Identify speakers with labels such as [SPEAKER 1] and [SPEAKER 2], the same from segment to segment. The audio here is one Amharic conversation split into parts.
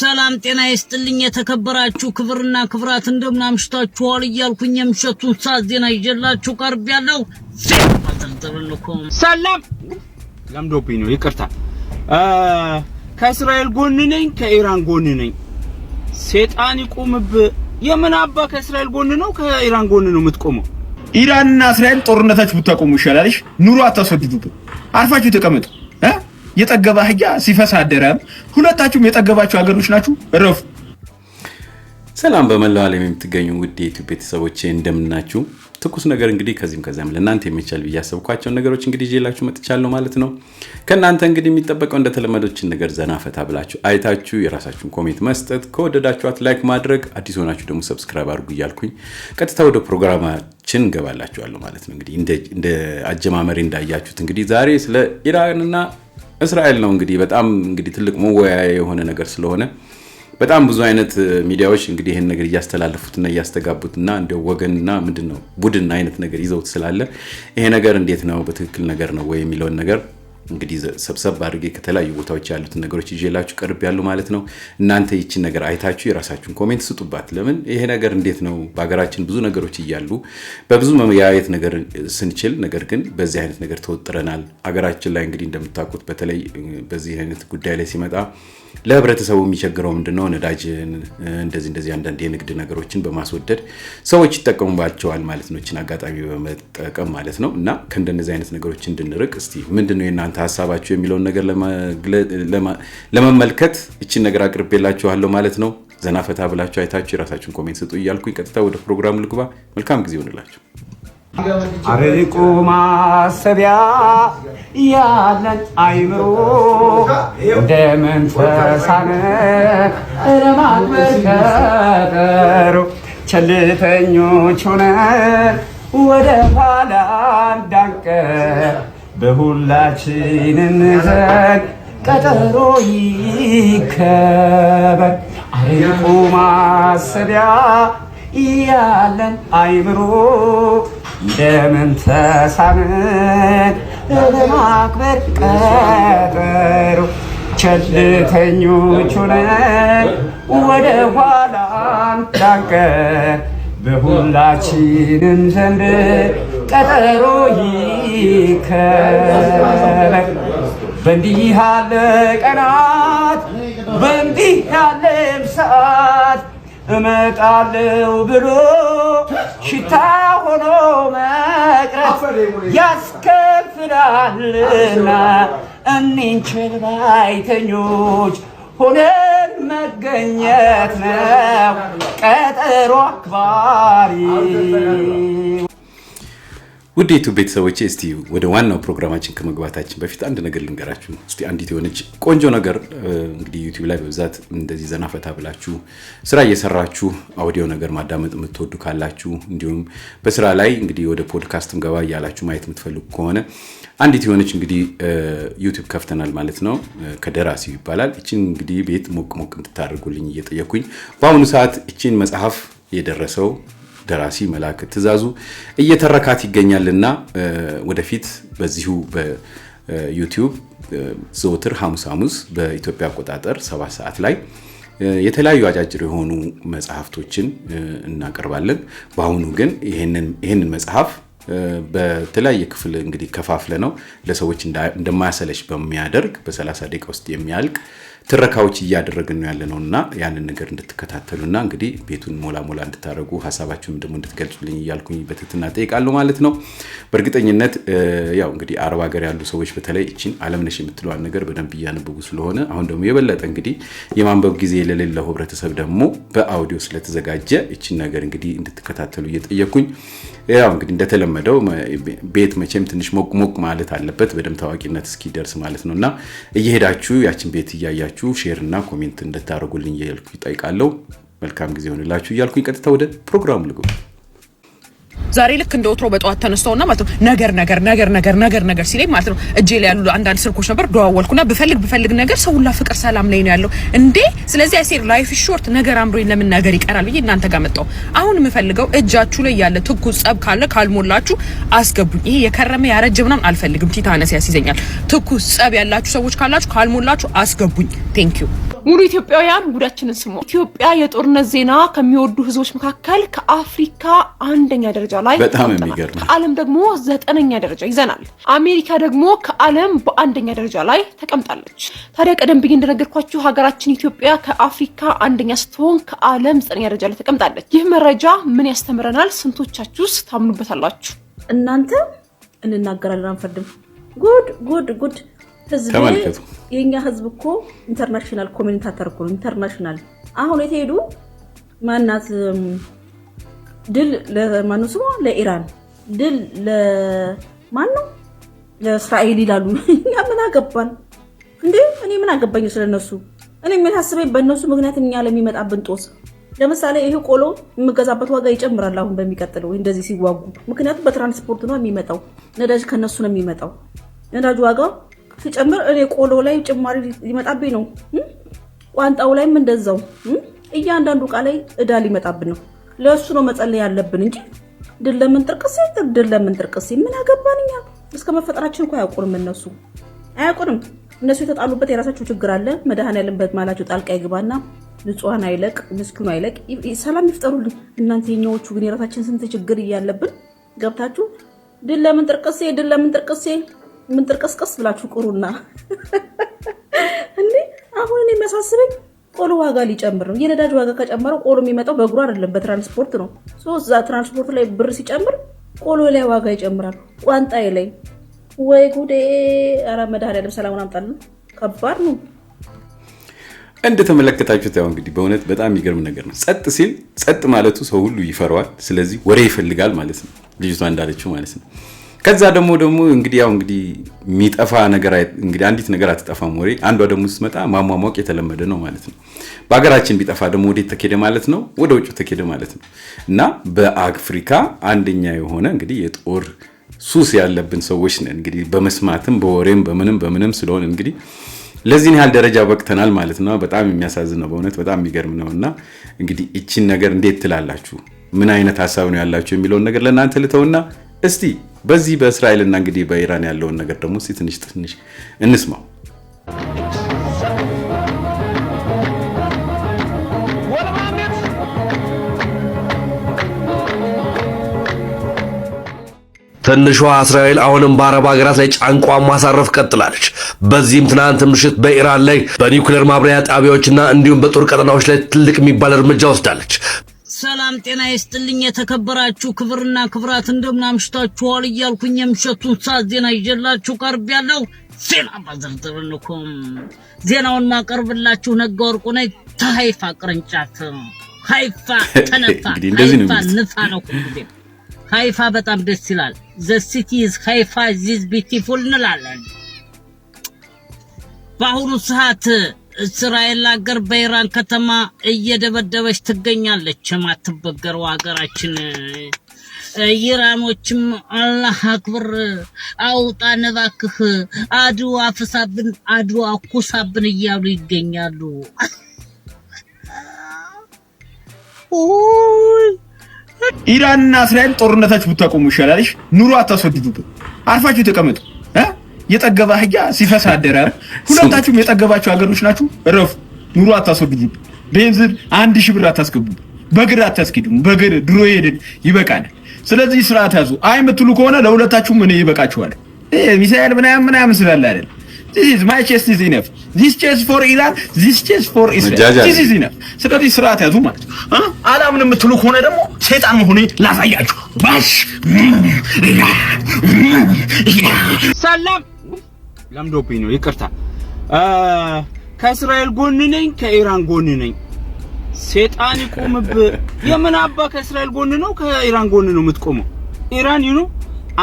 [SPEAKER 1] ሰላም ጤና ይስጥልኝ። የተከበራችሁ ክብርና ክብራት እንደምን አምሽታችኋል እያልኩኝ የምሸቱን ሰዓት ዜና ይዤላችሁ ቀርብ ያለው ሰላም
[SPEAKER 2] ለምዶብኝ ነው ይቅርታ። ከእስራኤል ጎን ነኝ፣ ከኢራን ጎን ነኝ። ሴጣን ይቁምብ። የምን አባ ከእስራኤል ጎን ነው ከኢራን ጎን ነው የምትቆመው? ኢራንና እስራኤል ጦርነታችሁ ብታቆሙ ይሻላልሽ። ኑሮ አታስወድዱብን። አርፋችሁ ተቀመጡ። የጠገበ አህያ ሲፈሳ አደረ። ሁለታችሁም የጠገባችሁ ሀገሮች ናችሁ፣ እረፉ። ሰላም በመላው ዓለም የምትገኙ ውድ የኢትዮ ቤተሰቦቼ እንደምናችሁ። ትኩስ ነገር እንግዲህ ከዚህም ከዚያም ለእናንተ የሚቻል ብዬ ያሰብኳቸውን ነገሮች እንግዲህ ይዤላችሁ መጥቻለሁ ማለት ነው። ከእናንተ እንግዲህ የሚጠበቀው እንደተለመዶችን ነገር ዘና ፈታ ብላችሁ አይታችሁ የራሳችሁን ኮሜንት መስጠት፣ ከወደዳችኋት ላይክ ማድረግ፣ አዲስ ሆናችሁ ደግሞ ሰብስክራይብ አድርጉ እያልኩኝ ቀጥታ ወደ ፕሮግራማችን እንገባላችኋለሁ ማለት ነው። እንግዲህ እንደ አጀማመሪ እንዳያችሁት እንግዲህ ዛሬ ስለ ኢራንና እስራኤል ነው እንግዲህ በጣም እንግዲህ ትልቅ መወያያ የሆነ ነገር ስለሆነ በጣም ብዙ አይነት ሚዲያዎች እንግዲህ ይህን ነገር እያስተላለፉትና እያስተጋቡትና እንደ ወገንና ምንድን ነው ቡድን አይነት ነገር ይዘውት ስላለ ይሄ ነገር እንዴት ነው በትክክል ነገር ነው ወይ የሚለውን ነገር እንግዲህ ሰብሰብ አድርጌ ከተለያዩ ቦታዎች ያሉትን ነገሮች ይዤላችሁ ቀርብ ያሉ ማለት ነው። እናንተ ይችን ነገር አይታችሁ የራሳችሁን ኮሜንት ስጡባት። ለምን ይሄ ነገር እንዴት ነው? በሀገራችን ብዙ ነገሮች እያሉ በብዙ መያየት ነገር ስንችል፣ ነገር ግን በዚህ አይነት ነገር ተወጥረናል። ሀገራችን ላይ እንግዲህ እንደምታውቁት በተለይ በዚህ አይነት ጉዳይ ላይ ሲመጣ ለህብረተሰቡ የሚቸግረው ምንድነው? ነዳጅን እንደዚህ እንደዚህ አንዳንድ የንግድ ነገሮችን በማስወደድ ሰዎች ይጠቀሙባቸዋል ማለት ነው። ችን አጋጣሚ በመጠቀም ማለት ነው። እና ከእንደነዚህ አይነት ነገሮች እንድንርቅ እስቲ ምንድነው የእናንተ ሀሳባችሁ የሚለውን ነገር ለመመልከት ይችን ነገር አቅርቤላችኋለሁ ማለት ነው። ዘና ፈታ ብላችሁ አይታችሁ የራሳችሁን ኮሜንት ስጡ እያልኩኝ ቀጥታ ወደ ፕሮግራሙ ልግባ። መልካም ጊዜ ይሆንላችሁ። አርቁ ማሰቢያ ያለን አይምሮ እንደ መንፈሳነ ቸልተኞች ሆነ ወደ ኋላ እንዳንቀር በሁላችን እንዘን ቀጠሮ ይከበር። አርቁ ማሰቢያ ያለን አይምሮ እንደምንተሳምን ለማክበር ቀጠሩ ቸልተኞች ሆነን ወደ ኋላ እንዳንቀር በሁላችንም ዘንድ ቀጠሮ ይከበር። በእንዲህ ያለ ቀናት በእንዲህ ያለ ሰዓት እመጣለሁ ብሎ ሽታ ሆኖ መቅረት ያስከፍላልና እኒን ቸልባይተኞች ሆነን መገኘት ነው ቀጠሮ አክባሪ ውዴቱ ቤተሰቦች ቤተሰቦቼ እስቲ ወደ ዋናው ፕሮግራማችን ከመግባታችን በፊት አንድ ነገር ልንገራችሁ ነው። እስቲ አንዲት የሆነች ቆንጆ ነገር እንግዲህ ዩቲዩብ ላይ በብዛት እንደዚህ ዘና ፈታ ብላችሁ ስራ እየሰራችሁ አውዲዮ ነገር ማዳመጥ የምትወዱ ካላችሁ፣ እንዲሁም በስራ ላይ እንግዲህ ወደ ፖድካስትም ገባ እያላችሁ ማየት የምትፈልጉ ከሆነ አንዲት የሆነች እንግዲህ ዩቲዩብ ከፍተናል ማለት ነው። ከደራሲው ይባላል። እችን እንግዲህ ቤት ሞቅ ሞቅ እንድታደርጉልኝ እየጠየኩኝ በአሁኑ ሰዓት እችን መጽሐፍ የደረሰው ደራሲ መላክ ትእዛዙ እየተረካት ይገኛልና ወደፊት በዚሁ በዩቲዩብ ዘወትር ሐሙስ ሐሙስ በኢትዮጵያ አቆጣጠር ሰባት ሰዓት ላይ የተለያዩ አጫጭር የሆኑ መጽሐፍቶችን እናቀርባለን። በአሁኑ ግን ይህንን መጽሐፍ በተለያየ ክፍል እንግዲህ ከፋፍለ ነው ለሰዎች እንደማያሰለች በሚያደርግ በ30 ደቂቃ ውስጥ የሚያልቅ ትረካዎች እያደረግን ነው ያለ ነው እና ያንን ነገር እንድትከታተሉና እንግዲህ ቤቱን ሞላ ሞላ እንድታደረጉ ሀሳባችሁም ደግሞ እንድትገልጹልኝ እያልኩኝ በትትና ጠይቃለሁ ማለት ነው። በእርግጠኝነት ያው እንግዲህ አረብ ሀገር ያሉ ሰዎች በተለይ እችን አለምነሽ የምትለዋን ነገር በደንብ እያነበቡ ስለሆነ አሁን ደግሞ የበለጠ እንግዲህ የማንበብ ጊዜ ለሌለው ህብረተሰብ ደግሞ በአውዲዮ ስለተዘጋጀ እችን ነገር እንግዲህ እንድትከታተሉ እየጠየኩኝ ያው እንግዲህ እንደተለመደው ቤት መቼም ትንሽ ሞቅ ሞቅ ማለት አለበት በደንብ ታዋቂነት እስኪደርስ ማለት ነው እና እየሄዳችሁ ያችን ቤት እያያችሁ እያደረጋችሁ ሼር እና ኮሜንት እንድታደርጉልኝ እያልኩ ይጠይቃለሁ። መልካም ጊዜ ሆንላችሁ እያልኩኝ ቀጥታ ወደ ፕሮግራሙ ልግባ። ዛሬ ልክ እንደ ወትሮ በጠዋት ተነስተውና ማለት ነው ነገር ነገር ነገር ነገር ነገር ነገር ሲለኝ ማለት ነው እጄ ላይ ያሉ አንዳንድ ስልኮች ነበር። ደዋወልኩና ብፈልግ ብፈልግ ነገር ሰውላ ፍቅር ሰላም ላይ ነው ያለው እንዴ። ስለዚህ አይሴር ላይፍ ሾርት ነገር አምሮ ለምን ነገር ይቀራል ብዬ እናንተ ጋር መጣው አሁን የምፈልገው እጃችሁ ላይ ያለ ትኩስ ጸብ ካለ ካልሞላችሁ አስገቡኝ። ይሄ የከረመ ያረጀ ምናምን አልፈልግም። ቲታነስ ያስይዘኛል። ትኩስ ጸብ ያላችሁ ሰዎች ካላችሁ ካልሞላችሁ አስገቡኝ። ቴንክ ዩ ሙሉ ኢትዮጵያውያን ጉዳችንን ስሙ። ኢትዮጵያ የጦርነት ዜና ከሚወዱ ህዝቦች መካከል ከአፍሪካ አንደኛ ደረጃ ደረጃ ላይ በጣም የሚገርም ከዓለም ደግሞ ዘጠነኛ ደረጃ ይዘናል። አሜሪካ ደግሞ ከዓለም በአንደኛ ደረጃ ላይ ተቀምጣለች። ታዲያ ቀደም ብዬ እንደነገርኳችሁ ሀገራችን ኢትዮጵያ ከአፍሪካ አንደኛ ስትሆን ከዓለም ዘጠነኛ ደረጃ ላይ ተቀምጣለች። ይህ መረጃ ምን ያስተምረናል? ስንቶቻችሁስ ታምኑበታላችሁ? እናንተ እንናገራለን አንፈርድም። ጉድ ጉድ ጉድ ህዝብ የእኛ ህዝብ እኮ ኢንተርናሽናል ኮሜንታተር እኮ ኢንተርናሽናል አሁን የተሄዱ ማናት ድል ለማነው ስሟ ለኢራን ድል ለማን ነው ለእስራኤል ይላሉ። እኛ ምን አገባን እንዴ? እኔ ምን አገባኝ ስለነሱ? እኔ የሚያሳስበኝ በእነሱ ምክንያት እኛ ለሚመጣብን ጦስ። ለምሳሌ ይሄ ቆሎ የምገዛበት ዋጋ ይጨምራል አሁን በሚቀጥለው እንደዚህ ሲዋጉ። ምክንያቱም በትራንስፖርት ነው የሚመጣው፣ ነዳጅ ከነሱ ነው የሚመጣው። ነዳጅ ዋጋ ሲጨምር እኔ ቆሎ ላይ ጭማሪ ሊመጣብኝ ነው፣ ቋንጣው ላይም እንደዛው፣ እያንዳንዱ እቃ ላይ እዳ ሊመጣብን ነው። ለእሱ ነው መጸለይ ያለብን እንጂ ድል ለምን ጥርቅስ ድል ለምን ጥርቅስ ምን አገባን እኛ። እስከ መፈጠራችን እኮ አያውቁንም እነሱ አያውቁንም። እነሱ የተጣሉበት የራሳቸው ችግር አለ። መድኃኔዓለም በመሃላቸው ጣልቃ ይግባና ንጹሐን አይለቅ፣ ምስኪኑ አይለቅ፣ ሰላም ይፍጠሩልን። እናንተ የኛዎቹ ግን የራሳችን ስንት ችግር እያለብን ገብታችሁ ድል ለምን ጥርቅሴ ድል ለምን ጥርቅሴ ምን ጥርቅስቅስ ብላችሁ ቅሩና እንዴ አሁን የሚያሳስበኝ ቆሎ ዋጋ ሊጨምር ነው። የነዳጅ ዋጋ ከጨመረው ቆሎ የሚመጣው በእግሩ አይደለም፣ በትራንስፖርት ነው። እዛ ትራንስፖርት ላይ ብር ሲጨምር ቆሎ ላይ ዋጋ ይጨምራል። ቋንጣዬ ላይ ወይ ጉዴ! ኧረ መድኃኒዓለም ሰላሙን አምጣልን። ከባድ ነው። እንደተመለከታችሁት ያው እንግዲህ በእውነት በጣም የሚገርም ነገር ነው። ጸጥ ሲል ጸጥ ማለቱ ሰው ሁሉ ይፈራዋል። ስለዚህ ወሬ ይፈልጋል ማለት ነው፣ ልጅቷ እንዳለችው ማለት ነው። ከዛ ደግሞ ደግሞ እንግዲህ ያው እንግዲህ የሚጠፋ ነገር እንግዲህ አንዲት ነገር አትጠፋም። ወሬ አንዷ ደግሞ ስትመጣ ማሟሟቅ የተለመደ ነው ማለት ነው። በሀገራችን ቢጠፋ ደግሞ ወዴት ተኬደ ማለት ነው? ወደ ውጭ ተኬደ ማለት ነው። እና በአፍሪካ አንደኛ የሆነ እንግዲህ የጦር ሱስ ያለብን ሰዎች ነን እንግዲህ በመስማትም በወሬም በምንም በምንም ስለሆነ እንግዲህ ለዚህን ያህል ደረጃ በቅተናል ማለት ነው። በጣም የሚያሳዝን ነው በእውነት በጣም የሚገርም ነው። እና እንግዲህ ይችን ነገር እንዴት ትላላችሁ? ምን አይነት ሀሳብ ነው ያላችሁ የሚለውን ነገር ለእናንተ ልተውና እስቲ በዚህ በእስራኤልና እንግዲህ በኢራን ያለውን ነገር ደግሞ እስቲ ትንሽ ትንሽ እንስማው። ትንሿ እስራኤል አሁንም በአረብ ሀገራት ላይ ጫንቋ ማሳረፍ ቀጥላለች። በዚህም ትናንት ምሽት በኢራን ላይ በኒውክሌር ማብሪያ ጣቢያዎችና እንዲሁም በጦር ቀጠናዎች ላይ ትልቅ የሚባል እርምጃ ወስዳለች። ሰላም ጤና ይስጥልኝ። የተከበራችሁ ክብርና ክብራት እንደምን አምሽታችኋል እያልኩኝ የምሽቱን ሰዓት ዜና ይዤላችሁ ቀርብ ያለው ዜና በዝርዝር ዜናውን ማቀርብላችሁ ነጋ ወርቁ ነኝ። ተሀይፋ ቅርንጫፍ ሀይፋ ተነፋ ንፋ ነው ሀይፋ በጣም ደስ ይላል። ዘ ሲቲ ኢዝ ሀይፋ ዚዝ ቢቲፉል እንላለን በአሁኑ ሰዓት እስራኤል ሀገር በኢራን ከተማ እየደበደበች ትገኛለች። የማትበገረው ሀገራችን ኢራኖችም አላህ አክብር አውጣ ነባክህ አድዋ አፍሳብን አድዋ ኩሳብን እያሉ ይገኛሉ። ኢራንና እስራኤል ጦርነታችሁ ብታቆሙ ይሻላልሽ። ኑሮ አታስወድዱብን። አርፋችሁ ተቀመጡ። የጠገበ አህያ ሲፈሳ አደረ። ሁለታችሁም የጠገባችሁ ሀገሮች ናችሁ። ረፍ ኑሮ አታስወግዱ። ቤንዚን አንድ ሺህ ብር አታስገቡ። በግር አታስኪዱ። በግር ድሮ ሄድን ይበቃል። ስለዚህ ስርዓት ያዙ። አይ የምትሉ ከሆነ ለሁለታችሁም እኔ ይበቃችኋል። ሚሳኤል ምናምን ምናምን ስላለ አይደል ስለዚህ ስርዓት ያዙ ማለት ነው። አላምን የምትሉ ከሆነ ደግሞ ሴጣን መሆኔ ላሳያችሁ። ሰላም ለምዶብኝ ነው ይቅርታ። ከእስራኤል ጎን ነኝ፣ ከኢራን ጎን ነኝ። ሴጣን ይቆምብ። የምን አባ ከእስራኤል ጎን ነው ከኢራን ጎን ነው የምትቆመው? ኢራን ይኑ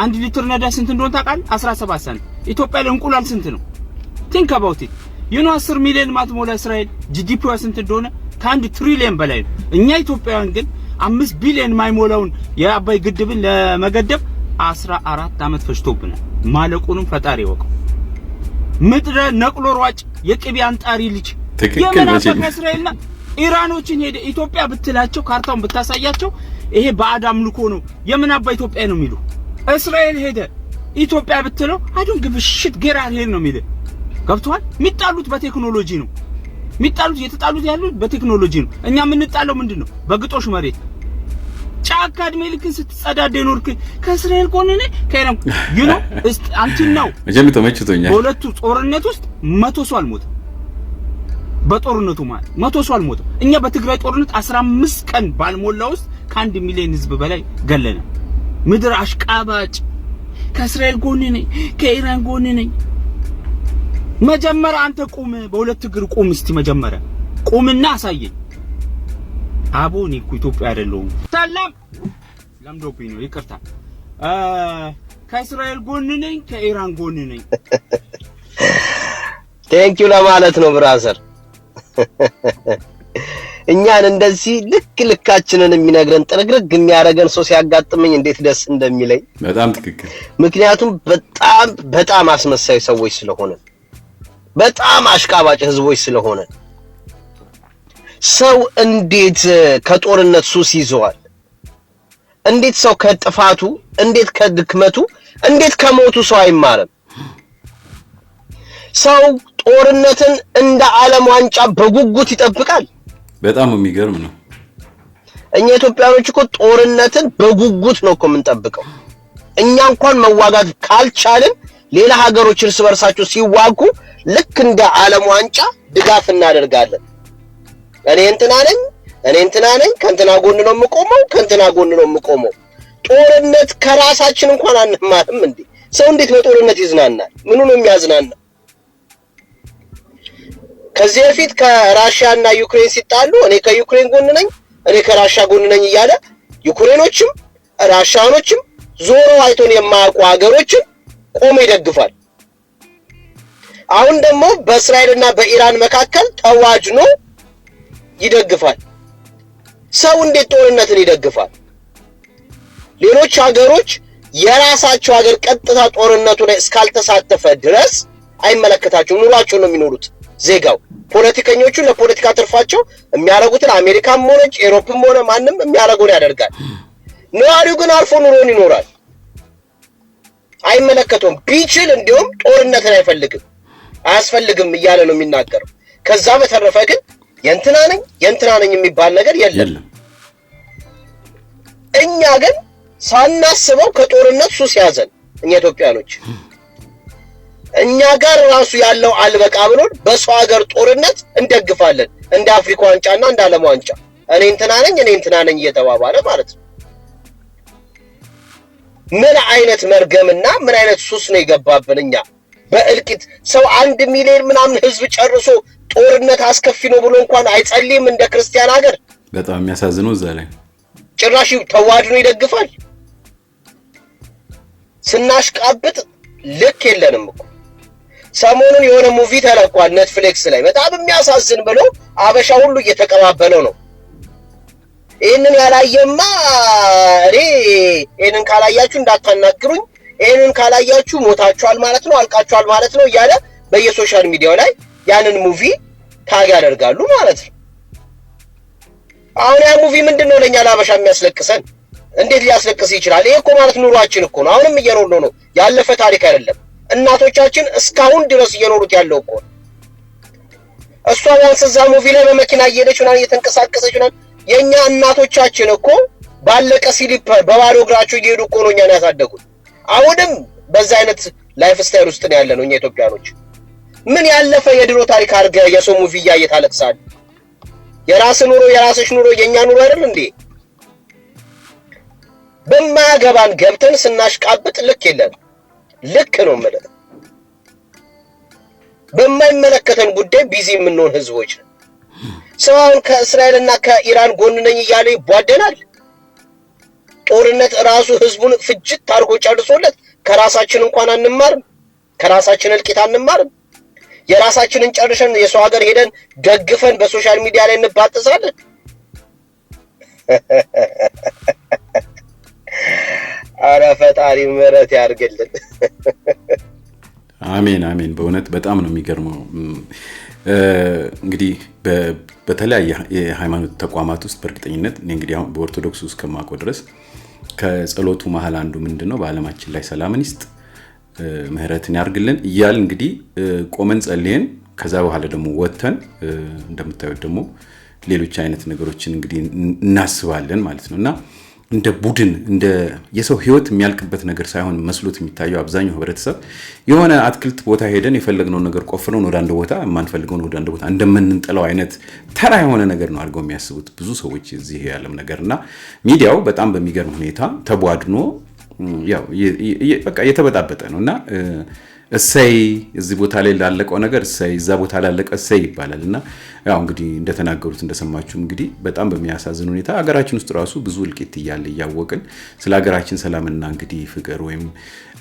[SPEAKER 2] አንድ ሊትር ነዳጅ ስንት እንደሆነ ታውቃለህ? 17 ሳንቲም። ኢትዮጵያ ላይ እንቁላል ስንት ነው? ቲንክ አባውት ኢት ይኑ 10 ሚሊዮን ማትሞላ እስራኤል ጂዲፒዋ ስንት እንደሆነ ከአንድ ትሪሊየን በላይ ነው። እኛ ኢትዮጵያውያን ግን አምስት ቢሊዮን የማይሞላውን የአባይ ግድብን ለመገደብ 14 ዓመት ፈጅቶብናል። ማለቁንም ፈጣሪ ይወቀው። ምድረ ነቅሎ ሯጭ የቅቤ አንጣሪ ልጅ የመናፈቅ እስራኤልና ኢራኖችን ሄደ ኢትዮጵያ ብትላቸው ካርታውን ብታሳያቸው ይሄ በአድ አምልኮ ነው፣ የምናባ ኢትዮጵያ ነው የሚሉ። እስራኤል ሄደ ኢትዮጵያ ብትለው አይዶን ግብሽት ጌራ ሄድ ነው የሚል ገብቷል። የሚጣሉት በቴክኖሎጂ ነው። የሚጣሉት የተጣሉት ያሉት በቴክኖሎጂ ነው። እኛ የምንጣለው ምንድን ነው? በግጦሽ መሬት ጫካ እድሜ ልክን ስትጸዳደ ኖርክ። ከእስራኤል ጎን ነህ ከኢራን ዩ ኖ እስቲ አንቲናው መቼም ተመችቶኛል። በሁለቱ ጦርነት ውስጥ መቶ ሰው አልሞተም። በጦርነቱ ማለት መቶ ሰው አልሞተም። እኛ በትግራይ ጦርነት 15 ቀን ባልሞላ ውስጥ ከአንድ ሚሊዮን ህዝብ በላይ ገለነ። ምድር አሽቃባጭ። ከእስራኤል ጎን ነኝ፣ ከኢራን ጎን ነኝ። መጀመሪያ አንተ ቁም፣ በሁለት እግር ቁም። እስቲ መጀመሪያ ቁምና አሳየኝ። አቦ እኔ እኮ ኢትዮጵያ አይደለሁም። ሰላም ለምዶብኝ ነው ይቅርታ። ከእስራኤል ጎን ነኝ፣ ከኢራን ጎን ነኝ። ቴንኪው ለማለት ነው ብራዘር። እኛን እንደዚህ ልክ ልካችንን የሚነግረን ጥርግርግ የሚያደርገን ሰው ሲያጋጥመኝ እንዴት ደስ እንደሚለኝ በጣም ትክክል። ምክንያቱም በጣም በጣም አስመሳይ ሰዎች ስለሆነ፣ በጣም አሽቃባጭ ህዝቦች ስለሆነ ሰው እንዴት ከጦርነት ሱስ ይዘዋል? እንዴት ሰው ከጥፋቱ፣ እንዴት ከድክመቱ፣ እንዴት ከሞቱ ሰው አይማርም? ሰው ጦርነትን እንደ ዓለም ዋንጫ በጉጉት ይጠብቃል። በጣም የሚገርም ነው። እኛ ኢትዮጵያኖች እኮ ጦርነትን በጉጉት ነው እኮ የምንጠብቀው። እኛ እንኳን መዋጋት ካልቻልን ሌላ ሀገሮች እርስ በርሳቸው ሲዋጉ ልክ እንደ ዓለም ዋንጫ ድጋፍ እናደርጋለን። እኔ እንትና ነኝ እኔ እንትና ነኝ ከእንትና ጎን ነው የምቆመው ከእንትና ጎን ነው የምቆመው። ጦርነት ከራሳችን እንኳን አንማርም እንዴ! ሰው እንዴት በጦርነት ይዝናናል? ምኑ ነው የሚያዝናና? ከዚህ በፊት ከራሽያ እና ዩክሬን ሲጣሉ እኔ ከዩክሬን ጎን ነኝ እኔ ከራሻ ጎን ነኝ እያለ ዩክሬኖችም ራሻኖችም ዞሮ አይቶን የማያውቁ ሀገሮችን ቆሞ ይደግፋል። አሁን ደግሞ በእስራኤልና በኢራን መካከል ተዋጅ ነው ይደግፋል? ሰው እንዴት ጦርነትን ይደግፋል? ሌሎች ሀገሮች የራሳቸው ሀገር ቀጥታ ጦርነቱ ላይ እስካልተሳተፈ ድረስ አይመለከታቸውም። ኑሯቸው ነው የሚኖሩት። ዜጋው ፖለቲከኞቹ ለፖለቲካ ትርፋቸው የሚያደርጉትን አሜሪካም ሆነች ኤሮፕም ሆነ ማንም የሚያደርገውን ያደርጋል። ነዋሪው ግን አልፎ ኑሮን ይኖራል። አይመለከተውም። ቢችል እንዲሁም ጦርነትን አይፈልግም አያስፈልግም እያለ ነው የሚናገረው። ከዛ በተረፈ ግን የእንትና ነኝ የእንትና ነኝ የሚባል ነገር የለም። እኛ ግን ሳናስበው ከጦርነት ሱስ ያዘን። እኛ ኢትዮጵያኖች እኛ ጋር ራሱ ያለው አልበቃ ብሎን በሰው ሀገር ጦርነት እንደግፋለን እንደ አፍሪካ ዋንጫና እንደ ዓለም ዋንጫ እኔ እንትና ነኝ እኔ እንትና ነኝ እየተባባለ ማለት ነው። ምን አይነት መርገምና ምን አይነት ሱስ ነው የገባብን እኛ በእልቂት ሰው አንድ ሚሊዮን ምናምን ህዝብ ጨርሶ ጦርነት አስከፊ ነው ብሎ እንኳን አይጸልይም። እንደ ክርስቲያን ሀገር በጣም የሚያሳዝነው እዛ ላይ ጭራሽ ተዋድኖ ይደግፋል። ስናሽቃብጥ ልክ የለንም እኮ ሰሞኑን የሆነ ሙቪ ተለቋል ኔትፍሊክስ ላይ በጣም የሚያሳዝን ብሎ አበሻ ሁሉ እየተቀባበለው ነው። ይህንን ያላየማ እኔ ይህንን ካላያችሁ እንዳታናግሩኝ፣ ይህንን ካላያችሁ ሞታችኋል ማለት ነው፣ አልቃችኋል ማለት ነው እያለ በየሶሻል ሚዲያው ላይ ያንን ሙቪ ታግ ያደርጋሉ ማለት ነው። አሁን ያ ሙቪ ምንድን ነው ለእኛ ለአበሻ የሚያስለቅሰን? እንዴት ሊያስለቅስ ይችላል? ይሄ እኮ ማለት ኑሯችን እኮ ነው። አሁንም እየኖሩ ነው። ያለፈ ታሪክ አይደለም። እናቶቻችን እስካሁን ድረስ እየኖሩት ያለው እኮ ነው። እሷ ቢያንስ እዛ ሙቪ ላይ በመኪና እየሄደች ምናምን እየተንቀሳቀሰች ምናምን፣ የእኛ እናቶቻችን እኮ ባለቀ ሲሊፐር በባዶ እግራቸው እየሄዱ እኮ ነው እኛን ያሳደጉት። አሁንም በዛ አይነት ላይፍ ስታይል ውስጥ ነው ያለ ነው እኛ ኢትዮጵያኖች። ምን ያለፈ የድሮ ታሪክ አርገ የሰሙ ቪያ እያየህ የራስ ኑሮ የራስሽ ኑሮ የእኛ ኑሮ አይደል እንዴ? በማያገባን ገብተን ስናሽቃብጥ ልክ የለም። ልክ ነው የምልህ። በማይመለከተን ጉዳይ ቢዚ የምንሆን ህዝቦች ነው። ሰው አሁን ከእስራኤልና ከኢራን ጎን ነኝ እያለ ይቧደናል። ጦርነት ራሱ ህዝቡን ፍጅት ታርጎ ጨርሶለት ከራሳችን እንኳን አንማርም፣ ከራሳችን እልቂት አንማርም። የራሳችንን ጨርሸን የሰው ሀገር ሄደን ደግፈን በሶሻል ሚዲያ ላይ እንባጥሳለን። አረ ፈጣሪ ምሕረት ያርግልን። አሜን አሜን። በእውነት በጣም ነው የሚገርመው። እንግዲህ በተለያየ የሃይማኖት ተቋማት ውስጥ በእርግጠኝነት እንግዲህ በኦርቶዶክስ ውስጥ ከማውቀው ድረስ ከጸሎቱ መሀል አንዱ ምንድን ነው በዓለማችን ላይ ሰላምን ይስጥ ምህረትን ያርግልን እያል እንግዲህ ቆመን ጸልየን ከዛ በኋላ ደግሞ ወጥተን እንደምታዩት ደግሞ ሌሎች አይነት ነገሮችን እንግዲህ እናስባለን ማለት ነው እና እንደ ቡድን እንደ የሰው ህይወት የሚያልቅበት ነገር ሳይሆን መስሎት የሚታየው አብዛኛው ህብረተሰብ የሆነ አትክልት ቦታ ሄደን የፈለግነውን ነገር ቆፍረን ወደ አንድ ቦታ የማንፈልገውን ወደ አንድ ቦታ እንደምንንጥለው አይነት ተራ የሆነ ነገር ነው አድርገው የሚያስቡት ብዙ ሰዎች እዚህ ያለም ነገር እና ሚዲያው በጣም በሚገርም ሁኔታ ተቧድኖ ያው በቃ የተበጣበጠ ነው እና እሰይ እዚህ ቦታ ላይ ላለቀው ነገር እሰይ፣ እዛ ቦታ ላለቀ እሰይ ይባላል። እና ያው እንግዲህ እንደተናገሩት እንደሰማችሁ እንግዲህ በጣም በሚያሳዝን ሁኔታ ሀገራችን ውስጥ ራሱ ብዙ እልቂት እያለ እያወቅን ስለ ሀገራችን ሰላምና እንግዲህ ፍቅር ወይም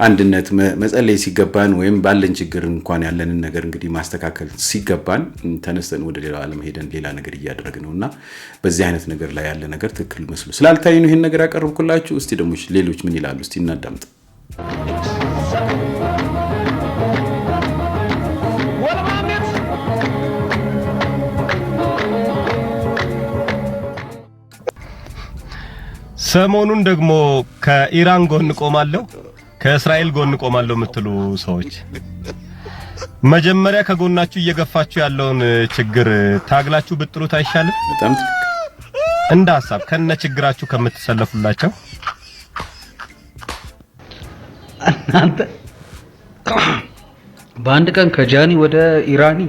[SPEAKER 2] አንድነት መጸለይ ሲገባን ወይም ባለን ችግር እንኳን ያለንን ነገር እንግዲህ ማስተካከል ሲገባን ተነስተን ወደ ሌላው ዓለም ሄደን ሌላ ነገር እያደረግ ነው እና በዚህ አይነት ነገር ላይ ያለ ነገር ትክክል መስሎ ስላልታየን ይህን ነገር ያቀርብኩላችሁ። እስቲ ደግሞ ሌሎች ምን ይላሉ እስቲ እናዳምጥ። ሰሞኑን ደግሞ ከኢራን ጎን ቆማለሁ፣ ከእስራኤል ጎን ቆማለሁ የምትሉ ሰዎች መጀመሪያ ከጎናችሁ እየገፋችሁ ያለውን ችግር ታግላችሁ ብጥሉት አይሻልም? እንደ ሀሳብ ከነ ችግራችሁ ከምትሰለፉላቸው እናንተ በአንድ ቀን ከጃኒ ወደ ኢራኒ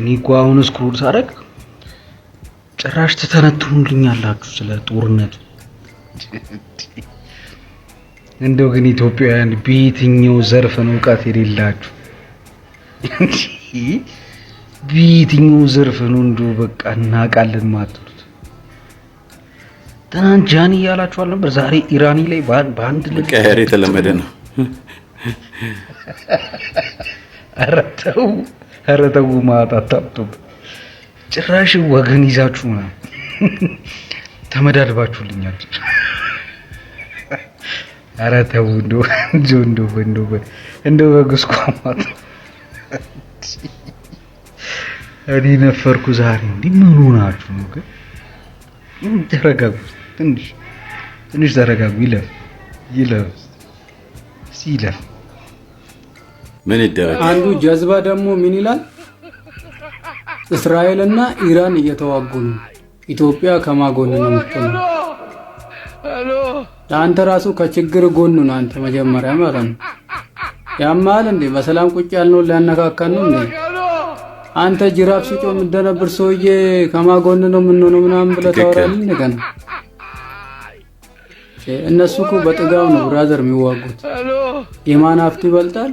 [SPEAKER 2] እኔ እኮ አሁን ስክሮል ሳደርግ ጭራሽ ትተነትኑልኛላችሁ ስለ ጦርነቱ። እንደው ግን ኢትዮጵያውያን በየትኛው ዘርፍ ነው እውቀት የሌላችሁ? በየትኛው ዘርፍ ነው እንደው በቃ እናውቃለን ማትሉት? ትናንት ጃኒ እያላችኋል ነበር፣ ዛሬ ኢራኒ ላይ በአንድ ልቀር የተለመደ ነው። ኧረ ተው፣ ኧረ ተው ጭራሽ ወገን ይዛችሁ ነው ተመዳድባችሁልኛል። ኧረ ተው እንደው እንደው እንደው እንደው በጉስቋማት እኔ ነፈርኩ ዛሬ። እንዲህ ምን ሆናችሁ ነው ግን? ተረጋጉ፣ ትንሽ ትንሽ ተረጋጉ። ይለፍ ይለፍ ሲለፍ ምን ይደረግ። አንዱ ጀዝባ ደግሞ ምን ይላል? እስራኤልና ኢራን እየተዋጉ ነው። ኢትዮጵያ ከማጎን ነው የምትሆነው? ለአንተ ራሱ ከችግር ጎኑ ነው አንተ መጀመሪያ ማለት ነው። ያማል እንዴ በሰላም ቁጭ ያልነው ሊያነካካን ነው እንዴ? አንተ ጅራፍ ሲጮ የምደነብር ሰውዬ ከማጎን ነው የምንሆነው ምናምን ብለህ ታወራለህ። እንደገና እነሱ እኮ በጥጋው ነው ብራዘር የሚዋጉት። የማን ሀብት ይበልጣል፣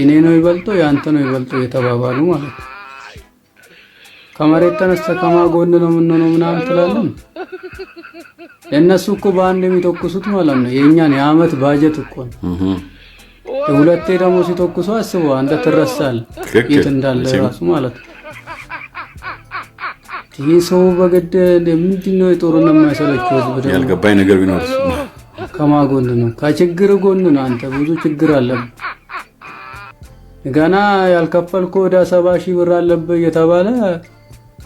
[SPEAKER 2] የኔ ነው ይበልጦ፣ የአንተ ነው ይበልጦ የተባባሉ ማለት ነው። ከመሬት ተነስተህ ከማጎን ነው የምንሆነው ምናምን ትላለን። እነሱ እኮ በአንድ የሚተኩሱት ማለት ነው የእኛን የአመት ባጀት እኮ ነው። ሁለቴ ደግሞ ሲተኩሱ አስቦ አንተ ትረሳል የት እንዳለ ራሱ ማለት ነው። ይህ ሰው በገደ ምንድን ነው የጦርነት የማይሰለችው ህዝብ። ያልገባኝ ነገር ቢኖር ከማጎን ነው? ከችግር ጎን ነው። አንተ ብዙ ችግር አለብህ። ገና ያልከፈልኩ ወደ ሰባ ሺህ ብር አለብህ እየተባለ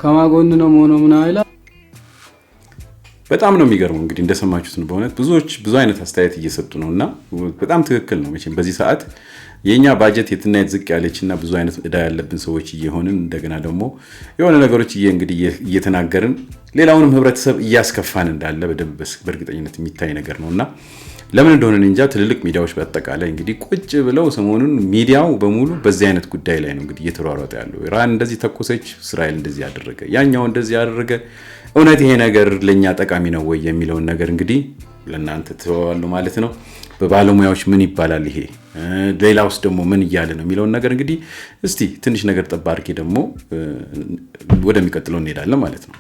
[SPEAKER 2] ከማጎን ነው መሆኖ ምን ይላል። በጣም ነው የሚገርመው። እንግዲህ እንደሰማችሁት ነው። በእውነት ብዙዎች ብዙ አይነት አስተያየት እየሰጡ ነው እና በጣም ትክክል ነው። መቼም በዚህ ሰዓት የእኛ ባጀት የትናየት ዝቅ ያለች እና ብዙ አይነት እዳ ያለብን ሰዎች እየሆንን እንደገና ደግሞ የሆነ ነገሮች እንግዲህ እየተናገርን ሌላውንም ህብረተሰብ እያስከፋን እንዳለ በደንብ በእርግጠኝነት የሚታይ ነገር ነው እና ለምን እንደሆነ እንጃ ትልልቅ ሚዲያዎች በአጠቃላይ እንግዲህ ቁጭ ብለው ሰሞኑን ሚዲያው በሙሉ በዚህ አይነት ጉዳይ ላይ ነው እንግዲህ እየተሯሯጠ ያለው። ኢራን እንደዚህ ተኮሰች፣ እስራኤል እንደዚህ ያደረገ፣ ያኛው እንደዚህ ያደረገ፣ እውነት ይሄ ነገር ለእኛ ጠቃሚ ነው ወይ የሚለውን ነገር እንግዲህ ለእናንተ ትተዋሉ ማለት ነው። በባለሙያዎች ምን ይባላል ይሄ ሌላ ውስጥ ደግሞ ምን እያለ ነው የሚለውን ነገር እንግዲህ እስቲ ትንሽ ነገር ጠባ አድርጌ ደግሞ ወደሚቀጥለው እንሄዳለን ማለት ነው።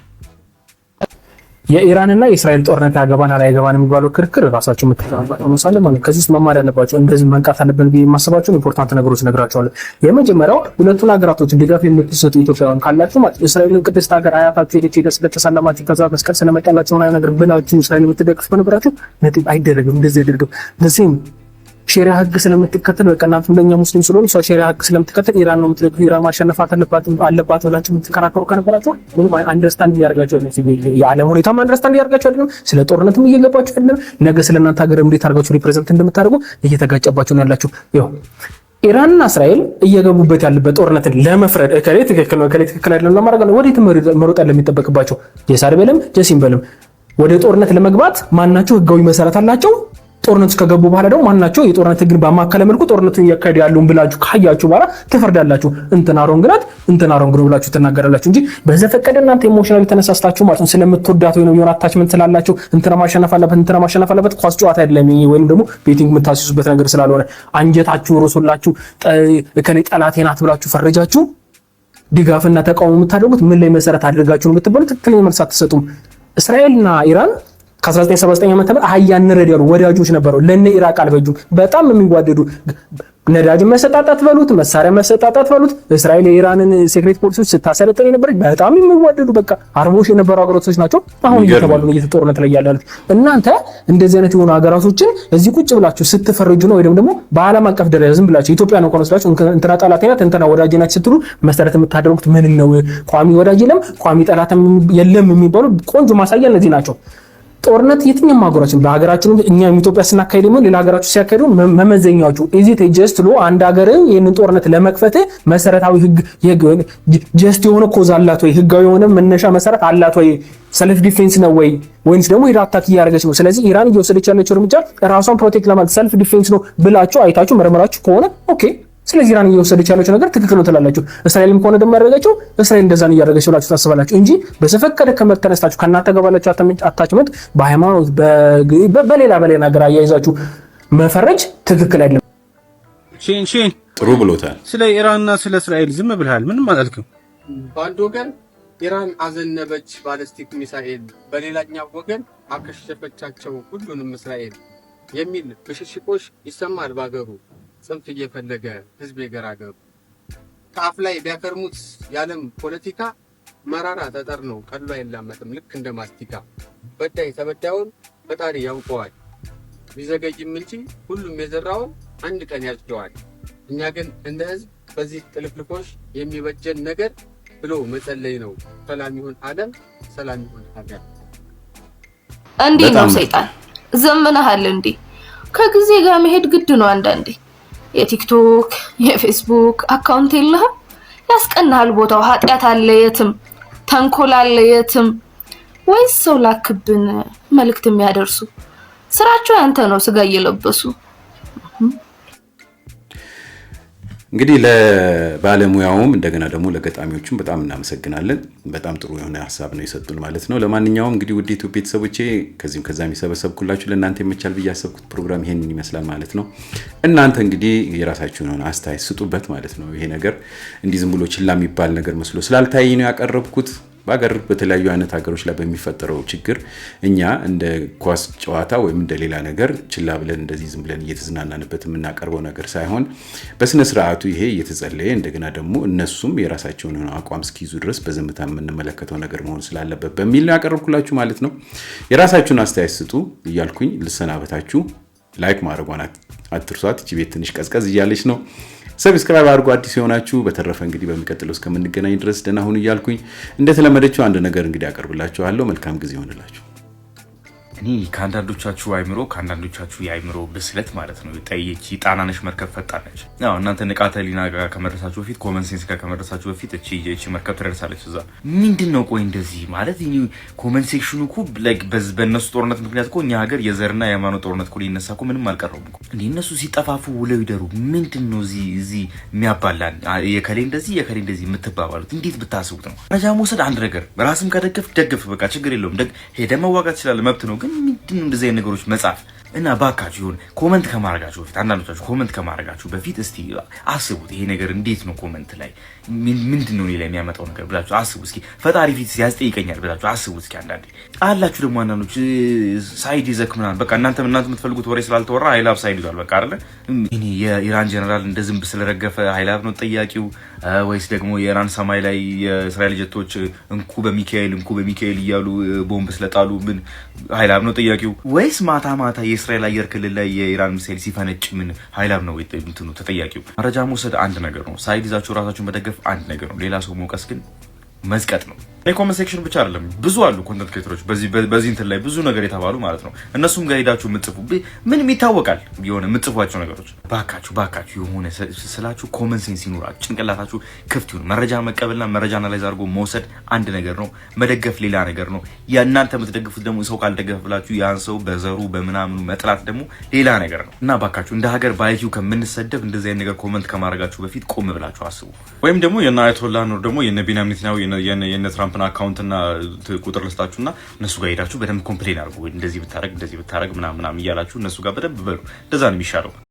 [SPEAKER 2] የኢራንና የእስራኤል ጦርነት ያገባናል አይገባን የሚባለው ክርክር ራሳቸው የምትጠባባቸው መሳለ ማለት ከዚህ ውስጥ መማር ያለባቸው እንደዚህ መንቃት አለብን ብዬ የማስባቸውን ኢምፖርታንት ነገሮች ነግራቸዋለሁ። የመጀመሪያው ሁለቱን ሀገራቶች ድጋፍ የምትሰጡ ኢትዮጵያውያን ካላችሁ ማለት እስራኤልን ቅድስት ሀገር አያታችሁ ሄደች ሄደ ስለተሳለማችሁ ከዛ መስቀል ስለመጣላቸው ነገር ብላችሁ እስራኤል የምትደግፍ በነበራችሁ ነጥብ አይደረግም። እንደዚህ አይደረግም። ሼሪያ ህግ ስለምትከተል በቃ እናንተ እንደኛ ሙስሊም ስለሆነ ሰው ሼሪያ ህግ ስለምትከተል ኢራን ነው የምትደግፉ፣ ኢራን ማሸነፍ አለባት ብላችሁ የምትከራከሩ ከነበራችሁ ምንም አንደርስታንድ እያደርጋችሁ የዓለም ሁኔታም አንደርስታንድ እያደርጋችሁ አይደለም። ስለ ጦርነትም እየገባችሁ አይደለም። ነገ ስለ እናንተ ሀገር እንዴት አድርጋችሁ ሪፕሬዘንት እንደምታደርጉ እየተጋጨባችሁ ነው ያላችሁ። ይኸው ኢራንና እስራኤል እየገቡበት ያለበት ጦርነትን ለመፍረድ እከሌ ትክክል ነው እከሌ ትክክል አይደለም ለማድረግ ነው ወዴት መሮጥ የሚጠበቅባቸው ጀሳር በልም ጀሲም በልም ወደ ጦርነት ለመግባት ማናቸው ህጋዊ መሰረት አላቸው ጦርነት ውስጥ ከገቡ በኋላ ደግሞ ማናቸው የጦርነት ህግን በማካከለ መልኩ ጦርነቱን እያካሄዱ ያለውን ብላችሁ ካያችሁ በኋላ ትፈርዳላችሁ። እንትና ሮንግ ናት፣ እንትና ሮንግ ነው ብላችሁ ትናገራላችሁ እንጂ በዘፈቀደ እናንተ ኢሞሽናል ተነሳስታችሁ ማለት ነው ስለምትወዳት ወይ ነው የሆነ አታችመንት ስላላችሁ እንትና ማሸነፍ አለበት እንትና ማሸነፍ አለበት ኳስ ጨዋታ አይደለም ወይም ደግሞ ቤቲንግ የምታስይዙበት ነገር ስላልሆነ አንጀታችሁ ሮሶላችሁ እከሌ ጠላቴ ናት ብላችሁ ፈረጃችሁ። ድጋፍና ተቃውሞ የምታደርጉት ምን ላይ መሰረት አድርጋችሁ ነው ብትባሉ ትክክለኛ መልስ አትሰጡም። እስራኤልና ኢራን ከ1979 ዓ.ም አህያን እንረድ ያሉ ወዳጆች ነበሩ። ለነ ኢራቅ አልበጁም። በጣም የሚዋደዱ ነዳጅ መሰጣጣት በሉት መሳሪያ መሰጣጣት በሉት እስራኤል የኢራንን ሴክሬት ፖሊሶች ስታሰለጥን የነበረች በጣም የሚዋደዱ በቃ አርቦሽ የነበሩ ሀገራቶች ናቸው። አሁን እየተባሉ ነው ጦርነት ላይ ያላሉት። እናንተ እንደዚህ አይነት የሆኑ ሀገራቶችን እዚህ ቁጭ ብላችሁ ስትፈርጁ ነው ወይም ደግሞ በዓለም አቀፍ ደረጃ ዝም ብላችሁ ኢትዮጵያ ነው ኮነስላችሁ እንትና ጠላቴ ናት እንትና ወዳጄ ናት ስትሉ መሰረት የምታደርጉት ምን ነው? ቋሚ ወዳጅ የለም ቋሚ ጠላትም የለም የሚባሉ ቆንጆ ማሳያ እነዚህ ናቸው። ጦርነት የትኛውም ሀገራችን በሀገራችን እኛ ኢትዮጵያ ስናካሄድ ሆን ሌላ ሀገራችን ሲያካሄዱ መመዘኛዎቹ ኢዚት ጀስት ሎ አንድ ሀገር ይህንን ጦርነት ለመክፈት መሰረታዊ ህግ ጀስት የሆነ ኮዝ አላት ወይ ህጋዊ የሆነ መነሻ መሰረት አላት ወይ ሰልፍ ዲፌንስ ነው ወይ ወይንስ ደግሞ ኢራን አታክ እያደረገች ነው ስለዚህ ኢራን እየወሰደች ያለችው እርምጃ ራሷን ፕሮቴክት ለማድረግ ሰልፍ ዲፌንስ ነው ብላችሁ አይታችሁ መርመራችሁ ከሆነ ኦኬ ስለዚህ ኢራን እየወሰደች ያለችው ነገር ትክክል ነው ትላላችሁ። እስራኤልም ከሆነ ደግሞ ያደረገችው እስራኤል እንደዛን እያደረገች ብላችሁ ታስባላችሁ እንጂ በዘፈቀደ ከመተነስታችሁ ከእናንተ ጋር ባላችሁ አታችመንት በሃይማኖት በሌላ በሌላ ነገር አያይዛችሁ መፈረጅ ትክክል አይደለም። ሺን ሺን ጥሩ ብሎታል። ስለ ኢራንና ስለ እስራኤል ዝም ብለሃል፣ ምንም አላልክም። በአንድ ወገን ኢራን አዘነበች ባለስቲክ ሚሳኤል፣ በሌላኛው ወገን አከሸፈቻቸው ሁሉንም እስራኤል የሚል ብሽሽቆች ይሰማል ባገሩ ጽንፍ እየፈለገ ህዝብ የገራገሩ ከአፍ ላይ ቢያከርሙት የዓለም ፖለቲካ መራራ ጠጠር ነው፣ ቀሎ አይላመጥም ልክ እንደ ማስቲካ። በዳይ ተበዳዩን ፈጣሪ ያውቀዋል፣ ቢዘገይም እንጂ ሁሉም የዘራውን አንድ ቀን ያጭደዋል። እኛ ግን እንደ ህዝብ በዚህ ጥልፍልፎች የሚበጀን ነገር ብሎ መጸለይ ነው። ሰላም ይሁን ዓለም፣ ሰላም ይሁን ሀገር። እንዲህ ነው ሰይጣን ዘምናሃል። እንዲህ ከጊዜ ጋር መሄድ ግድ ነው አንዳንዴ የቲክቶክ የፌስቡክ አካውንት የለህም? ያስቀናሃል ቦታው። ኃጢአት አለ የትም፣ ተንኮል አለ የትም። ወይስ ሰው ላክብን መልእክት የሚያደርሱ ስራቸው ያንተ ነው ስጋ እየለበሱ እንግዲህ ለባለሙያውም እንደገና ደግሞ ለገጣሚዎቹም በጣም እናመሰግናለን። በጣም ጥሩ የሆነ ሀሳብ ነው የሰጡን ማለት ነው። ለማንኛውም እንግዲህ ውድ ኢትዮ ቤተሰቦቼ ከዚህም ከዛም የሰበሰብኩላችሁ ለእናንተ የመቻል ብዬ ያሰብኩት ፕሮግራም ይሄንን ይመስላል ማለት ነው። እናንተ እንግዲህ የራሳችሁን የሆነ አስተያየት ስጡበት ማለት ነው። ይሄ ነገር እንዲህ ዝም ብሎ ችላ የሚባል ነገር መስሎ ስላልታይ ነው ያቀረብኩት። በሀገር በተለያዩ አይነት ሀገሮች ላይ በሚፈጠረው ችግር እኛ እንደ ኳስ ጨዋታ ወይም እንደ ሌላ ነገር ችላ ብለን እንደዚህ ዝም ብለን እየተዝናናንበት የምናቀርበው ነገር ሳይሆን በስነ ስርዓቱ ይሄ እየተጸለየ እንደገና ደግሞ እነሱም የራሳቸውን የሆነ አቋም እስኪይዙ ድረስ በዝምታ የምንመለከተው ነገር መሆን ስላለበት በሚል ያቀረብኩላችሁ ማለት ነው። የራሳችሁን አስተያየት ስጡ እያልኩኝ ልሰናበታችሁ። ላይክ ማድረጓን አትርሷት። ቤት ትንሽ ቀዝቀዝ እያለች ነው። ሰብስክራይብ አድርጎ አዲስ የሆናችሁ። በተረፈ እንግዲህ በሚቀጥለው እስከምንገናኝ ድረስ ደህና ሁኑ እያልኩኝ እንደተለመደችው አንድ ነገር እንግዲህ አቀርብላችኋለሁ። መልካም ጊዜ ይሆንላችሁ። እኔ ከአንዳንዶቻችሁ አይምሮ ከአንዳንዶቻችሁ የአይምሮ ብስለት ማለት ነው ጠይች ጣናነሽ መርከብ ፈጣነች። ነች። እናንተ ንቃተ ሊና ጋር ከመድረሳችሁ በፊት ኮመን ሴንስ ጋር ከመድረሳችሁ በፊት እቺ መርከብ ትደርሳለች። እዛ ምንድን ነው ቆይ እንደዚህ ማለት ኮመን ሴክሽኑ እኮ በእነሱ ጦርነት ምክንያት እኮ እኛ ሀገር የዘርና የሃይማኖት ጦርነት እኮ ሊነሳ እኮ ምንም አልቀረውም እኮ እንደ እነሱ ሲጠፋፉ ውለው ይደሩ። ምንድን ነው እዚህ የሚያባላን የከሌ እንደዚህ የከሌ እንደዚህ የምትባባሉት እንዴት ብታስቡት ነው? መረጃ መውሰድ አንድ ነገር፣ ራስም ከደገፍ ደግፍ፣ በቃ ችግር የለውም ሄደ መዋጋት ይችላል መብት ነው ግን ምንድን ነው እንደዚህ አይነት ነገሮች መጻፍ እና ባካችሁ ይሁን ኮመንት ከማድረጋችሁ በፊት አንዳንዶቻችሁ ኮመንት ከማድረጋችሁ በፊት እስቲ አስቡት፣ ይሄ ነገር እንዴት ነው ኮመንት ላይ ምንድን ነው ላይ የሚያመጣው ነገር ብላችሁ አስቡ እስኪ። ፈጣሪ ፊት ያስጠይቀኛል ብላችሁ አስቡ እስኪ። አንዳንዴ አላችሁ ደግሞ አንዳንዶች ሳይድ ይዘክ ምናምን በቃ እናንተ እናንተ የምትፈልጉት ወሬ ስላልተወራ ሀይላብ ሳይድ ይዟል በቃ አለ። የኢራን ጀነራል እንደ ዝንብ ስለረገፈ ሀይላብ ነው ጠያቂው ወይስ ደግሞ የኢራን ሰማይ ላይ የእስራኤል ጀቶች እንኩ በሚካኤል እንኩ በሚካኤል እያሉ ቦምብ ስለጣሉ ምን ሀይላብ ነው ጠያቂው ወይስ ማታ ማታ የእስራኤል አየር ክልል ላይ የኢራን ሚሳይል ሲፈነጭ ምን ሀይላም ነው እንትኑ ተጠያቂው። መረጃ መውሰድ አንድ ነገር ነው። ሳይድ ይዛችሁ ራሳችሁን መደገፍ አንድ ነገር ነው። ሌላ ሰው መውቀስ ግን መዝቀጥ ነው። የኮመንት ሴክሽን ብቻ አይደለም፣ ብዙ አሉ ኮንተንት ክሬተሮች በዚህ በዚህ እንትን ላይ ብዙ ነገር የተባሉ ማለት ነው። እነሱም ጋር ሄዳችሁ የምትጽፉ ምንም ይታወቃል የሆነ የምትጽፏቸው ነገሮች። ባካችሁ ባካችሁ የሆነ ስላችሁ ኮመን ሴንስ ይኑራችሁ፣ ጭንቅላታችሁ ክፍት ይሁን። መረጃ መቀበልና መረጃ አናላይዝ አድርጎ መውሰድ አንድ ነገር ነው፣ መደገፍ ሌላ ነገር ነው። የእናንተ የምትደግፉት ደግሞ ሰው ካልደገፈ ብላችሁ ያን ሰው በዘሩ በምናምኑ መጥላት ደግሞ ሌላ ነገር ነው እና ባካችሁ እንደ ሀገር ባይቲው ከምንሰደብ እንደዚህ አይነት ነገር ኮመንት ከማድረጋችሁ በፊት ቆም ብላችሁ አስቡ። ወይም ደግሞ የነ አያቶላ ኑር ደግሞ የነ ቤንያሚን ኔታንያሁ የነ ትራምፕ አካውንት አካውንትና ቁጥር ልስታችሁ ና እነሱ ጋር ሄዳችሁ በደንብ ኮምፕሌን አድርጉ። እንደዚህ ብታረግ እንደዚህ ብታረግ ምናምናም እያላችሁ እነሱ ጋር በደንብ በሉ። እንደዛ ነው የሚሻለው።